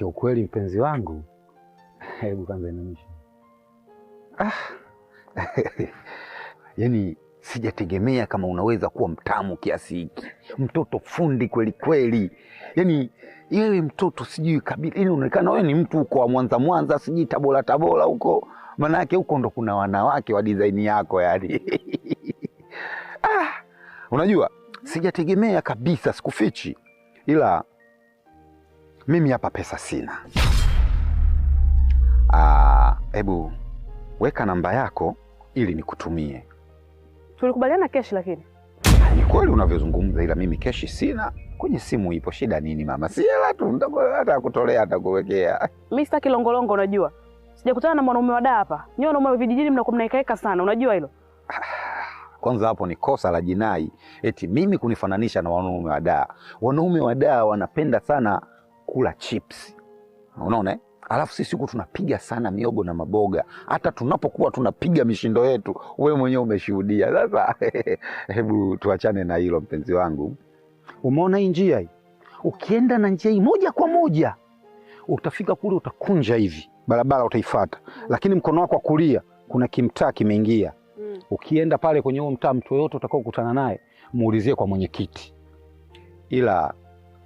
Kiukweli mpenzi wangu, hebu kwanza inamisha. Ah. Yani sijategemea kama unaweza kuwa mtamu kiasi hiki, mtoto fundi kweli kweli. Yani yeye mtoto sijui kabila, yani unaonekana wewe ni mtu huko wa Mwanza Mwanza, sijui Tabora Tabora huko, yake huko ndo kuna wanawake wa dizaini yako yani. Ah, unajua sijategemea kabisa, sikufichi, ila mimi hapa pesa sina. Ah, hebu weka namba yako ili nikutumie. Tulikubaliana keshi, lakini ni kweli unavyozungumza, ila mimi keshi sina. Kwenye simu ipo. Shida nini mama? Si hela tu, hata kutolea hata kuwekea. Mimi sitaki longolongo, unajua sijakutana na mwanaume wa daa hapa. Nyewe wanaume wa vijijini mnakuwa mnaikaeka sana, unajua hilo. Kwanza hapo ni kosa la jinai, eti mimi kunifananisha na wanaume wa daa. Wanaume wa daa wanapenda sana kula chips, unaona eh? Alafu sisi huku tunapiga sana miogo na maboga, hata tunapokuwa tunapiga mishindo yetu, we mwenyewe umeshuhudia. Sasa hebu tuachane na hilo mpenzi wangu. Umeona hii njia hii, ukienda na njia hii moja kwa moja utafika kule, utakunja hivi barabara utaifata, lakini mkono wako wa kulia kuna kimtaa kimeingia. Mm. Ukienda pale kwenye huo mtaa, mtu yoyote utakao kukutana naye muulizie kwa mwenyekiti, ila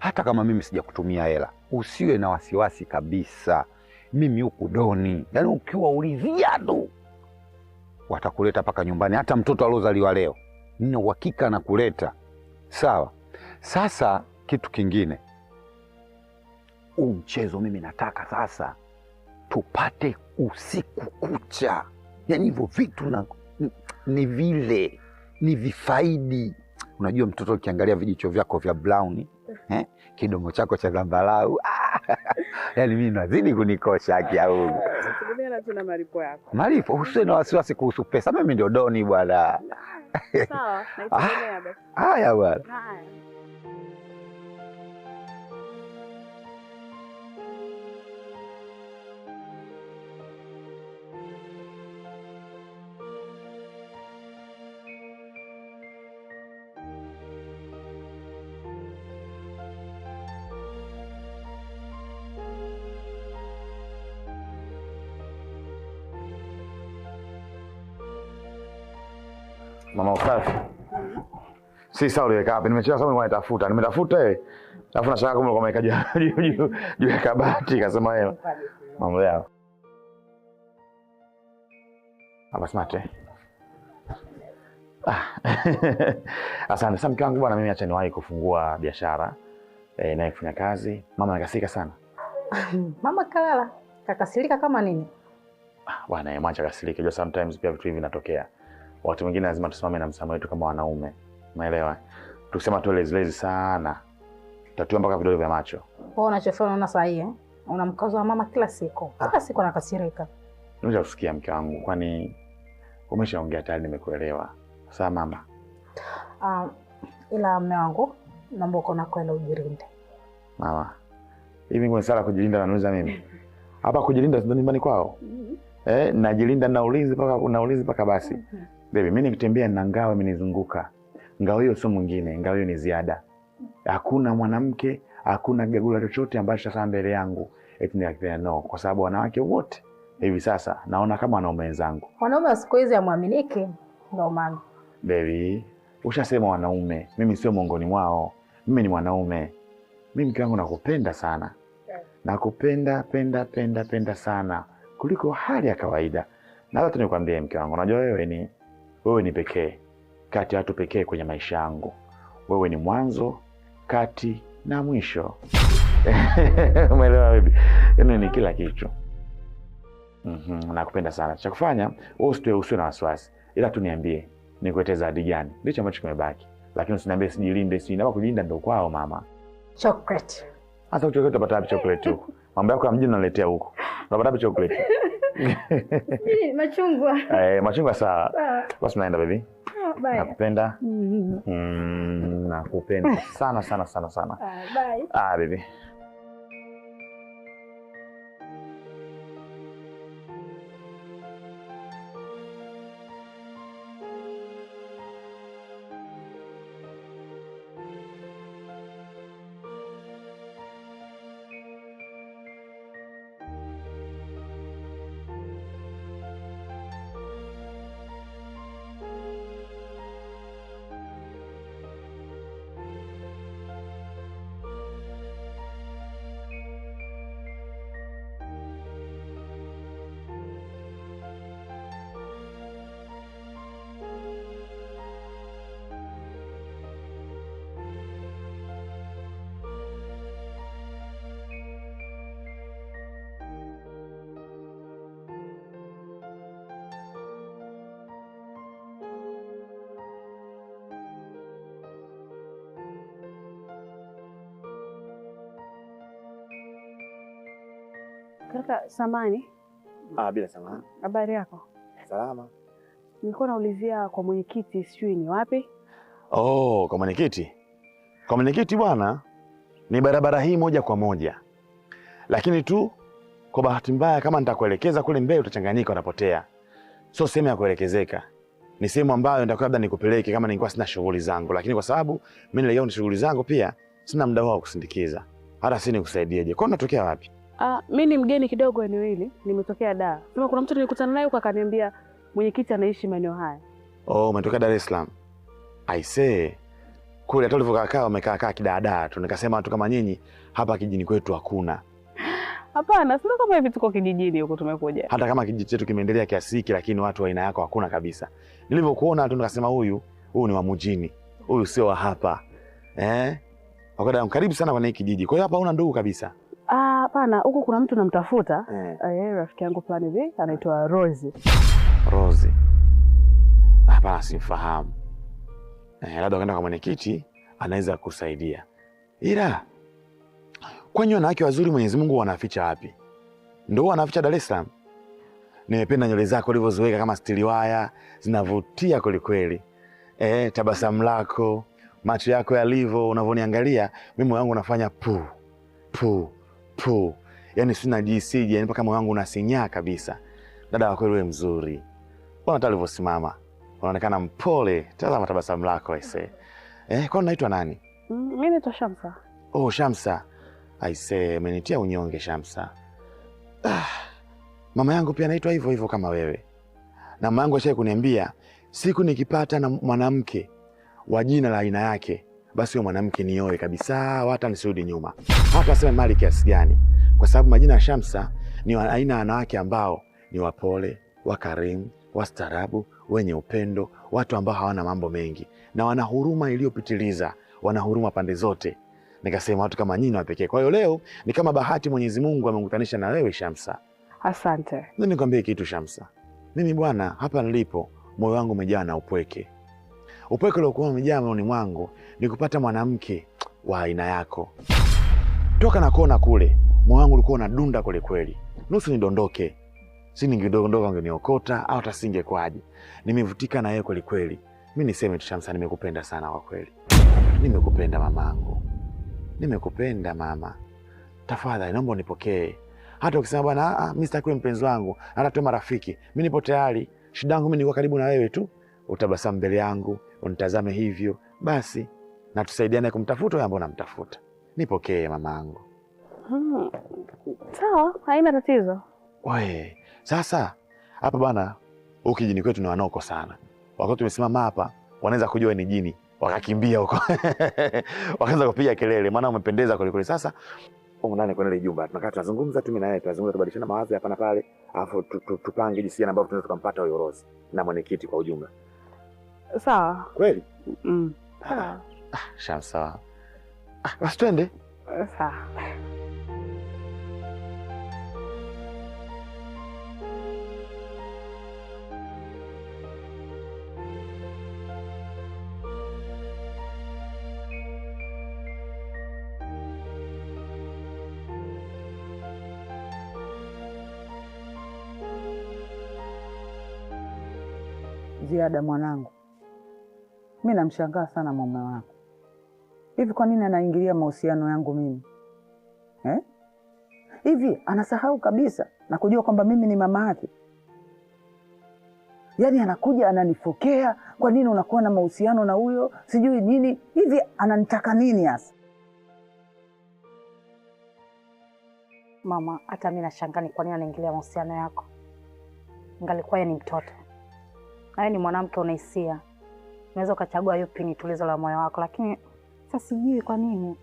hata kama mimi sijakutumia hela, usiwe na wasiwasi kabisa. Mimi huku doni, yaani ukiwaulizia tu watakuleta mpaka nyumbani. Hata mtoto aliozaliwa leo nina uhakika na kuleta. Sawa. Sasa kitu kingine, huu mchezo mimi nataka sasa tupate usiku kucha, yaani hivyo vitu na ni vile ni vifaidi. Unajua mtoto ukiangalia vijicho vyako vya brown eh? Kidomo chako cha zambarau yaani mimi nazidi kunikosha haki ya Mungu. Tuna malipo yako. Malipo, usiwe na wasiwasi kuhusu pesa, mimi ndio doni bwana. Sawa, basi. Haya bwana. Haya. Mama usafi. Si sawa ile wapi? Nimechelewa sana nilikuwa tafuta. Nimetafuta eh. Alafu na shaka kama ikaja umeweka juu juu ya kabati kasema yeye. Mambo yao. Aba smart eh. Ah. Asante. Sasa mke wangu bwana, mimi acha niwahi kufungua biashara. Eh, naye kufanya kazi. Mama nakasika sana. Mama kalala. Kakasirika kama nini? Ah, Bwana, mwacha kasirike. Sometimes pia vitu hivi vinatokea wakati mwingine lazima tusimame na msamaha wetu kama wanaume, umeelewa? Tukisema tu lezilezi sana, tatua mpaka vidole vya macho. Wewe unachofanya unaona sahihi eh? Una mkazo wa mama kila siku, ah. kila siku anakasirika. Nimesha kusikia mke wangu, kwani umeshaongea tayari, nimekuelewa. Sasa mama, um, ila mme wangu naomba uko na kwenda ujirinde. Mama, hivi ngoni sala kujilinda nanuliza mimi hapa kujilinda, sio nyumbani kwao. mm -hmm. Eh, najilinda na ulinzi paka na ulinzi paka basi. mm -hmm. Baby, mimi nikitembea na ngao imenizunguka. Ngao hiyo sio mwingine, ngao hiyo ni ziada. Hakuna mwanamke, hakuna gagula chochote ambacho sasa mbele yangu eti ni nikipenda no, kwa sababu wanawake wote hivi sasa naona kama wanaume wenzangu. Wanaume wa siku hizi hamwaminiki, ndio maana. Baby, ushasema wanaume, mimi sio miongoni mwao. Mimi ni mwanaume. Mimi mke wangu nakupenda sana. Nakupenda penda penda penda sana kuliko hali ya kawaida. Na hata nikwambie mke wangu, unajua wewe ni wewe ni pekee kati ya watu pekee kwenye maisha yangu. Wewe ni mwanzo, kati na mwisho. Umeelewa bibi? Yani ni kila kitu. Mm -hmm, nakupenda sana. Cha kufanya wewe usiwe na wasiwasi, ila tu niambie nikuletee zawadi gani ndicho ambacho kimebaki, lakini usiniambie sijilinde, si naomba kujilinda. Ndio kwao mama. Chocolate hasa chocolate, utapata wapi chocolate huko? Mambo yako ya mjini naletea huko, utapata wapi chocolate? machungwa eh, machungwa sawa. Basi naenda baby. Oh, bye. Nakupenda. Mm -hmm. Mm, nakupenda sana sana sana sana. Ah, bye. Ah, baby. Kaka samani. Ah, bila samani. Habari yako? Salama. Nilikuwa naulizia kwa mwenyekiti, sijui ni wapi? Oh, kwa mwenyekiti. Kwa mwenyekiti bwana, ni barabara hii moja kwa moja, lakini tu kwa bahati mbaya, kama nitakuelekeza kule mbele utachanganyika, utapotea. So sehemu ya kuelekezeka, ni sehemu ambayo nitakuwa labda nikupeleke kama nilikuwa sina shughuli zangu, lakini kwa sababu mimi leo ni shughuli zangu pia, sina muda wa kusindikiza. Hata si nikusaidieje? Kwani unatokea wapi? Ah, mimi ni mgeni kidogo eneo hili, nimetokea Dar. Sema kuna mtu nilikutana naye huko akaniambia mwenyekiti anaishi maeneo haya. Oh, umetokea Dar es Salaam. I say kule hata ulivyokaa umekaa kaa kidaadaa tu. Nikasema watu kama nyinyi hapa kijini kwetu hakuna. Hapana, sio kama hivi tuko kijijini huko tumekuja. Hata kama kijiji chetu kimeendelea kiasi hiki lakini watu wa aina yako hakuna kabisa. Nilivyokuona tu nikasema huyu huyu ni wa mjini. Huyu sio wa hapa. Eh? Wakada karibu sana kwenye kijiji. Kwa hiyo hapa una ndugu kabisa bwana, huku kuna mtu namtafuta eh. eh, rafiki yangu fulani hivi anaitwa Rose. Rose? Hapana, simfahamu. Eh, labda ukaenda kwa mwenyekiti anaweza kusaidia, ila kwani wanawake wazuri Mwenyezi Mungu wanaficha wapi? Ndio wanaficha Dar es Salaam. Nimependa nywele zako ulivyoziweka kama stili waya, zinavutia kwelikweli. Eh, tabasamu lako, macho yako yalivyo, unavyoniangalia mimi, moyo wangu unafanya puu puu pro, yani sina DC, yani mpaka moyo wangu unasinyaa kabisa. Dada wa kweli, wewe mzuri bwana, hata ulivyosimama unaonekana mpole. Tazama tabasamu lako aise. Eh, kwa unaitwa nani? Mimi naitwa Shamsa. Oh, Shamsa aise, amenitia unyonge Shamsa. Ah, mama yangu pia anaitwa hivyo hivyo kama wewe, na mama yangu ashai kuniambia siku nikipata na mwanamke wa jina la aina yake basi huyo mwanamke nioe kabisa, hata nisirudi nyuma, hata aseme mali kiasi gani, kwa sababu majina ya Shamsa ni aina ya wanawake ambao ni wapole, wakarimu, wastaarabu, wenye upendo, watu ambao hawana mambo mengi na wana huruma iliyopitiliza, wana huruma pande zote. Nikasema watu kama nyinyi wa pekee. Kwa hiyo leo ni kama bahati, Mwenyezi Mungu amekutanisha na wewe Shamsa. Asante. Nikwambie kitu Shamsa, mimi bwana, hapa nilipo moyo wangu umejaa na upweke Upweke uliokuwa umejaa moyoni mwangu ni kupata mwanamke wa aina yako. Toka na kona kule, moyo wangu ulikuwa unadunda kule kweli, nusu nidondoke. Si ningedondoka ungeniokota au hata singekwaje? Nimevutika na yeye kweli kweli. Mi niseme tu Shamsa, nimekupenda sana kwa kweli, nimekupenda mamangu, nimekupenda mama. Tafadhali naomba unipokee hata ukisema bwana, ah, ah, mi sitakiwe mpenzi wangu, hata tuwe marafiki, mi nipo tayari. Shida yangu mi nikuwa karibu na wewe tu, utabasamu mbele yangu, unitazame hivyo basi, na tusaidiane kumtafuta huyo ambaye unamtafuta. Nipokee mama yangu. Hmm. Sawa, hmm. haina tatizo. We, sasa hapa bana, huu kijini kwetu ni wanoko sana. Wakati tumesimama hapa, wanaweza kujua ni jini wakakimbia huko wakaanza kupiga kelele, maana umependeza kwelikweli. Sasa huko ndani kwenye jumba tunakaa tunazungumza tu, mimi naye tunazungumza, tubadilishana mawazo hapa na pale, alafu tupange jinsi gani ambavyo tunaweza tukampata huyo Rose na mwenyekiti kwa ujumla. Sawa kweli? mm. ah, ah sawa ah, basi twende. Sawa. Ziada mwanangu Mi namshangaa sana mume wako, hivi kwa nini anaingilia mahusiano yangu mimi eh? Hivi anasahau kabisa na kujua kwamba mimi ni mama yake? Yaani anakuja ananifokea, kwa nini unakuwa na mahusiano na huyo sijui nini? Hivi ananitaka nini hasa? Mama, hata mi nashangani kwa nini anaingilia mahusiano yako, ngalikuwa ye ni mtoto naye ni mwanamke, una hisia unaweza ukachagua yupi ni tulizo la moyo wako, lakini sasa sijui kwa nini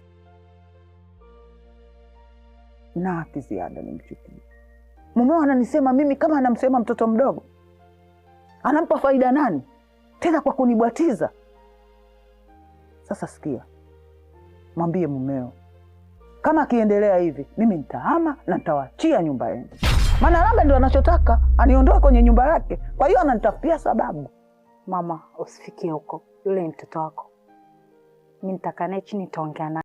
na haki ziada nimchukie mumeo. Ananisema mimi kama anamsema mtoto mdogo, anampa faida nani tena kwa kunibwatiza? Sasa sikia, mwambie mumeo kama akiendelea hivi mimi nitahama na nitawaachia nyumba yenu, maana labda ndio anachotaka aniondoe kwenye nyumba yake. Kwa hiyo ananitafutia sababu. Mama, usifikie huko, yule ni mtoto wako. Mi nitakaa naye chini, nitaongea naye.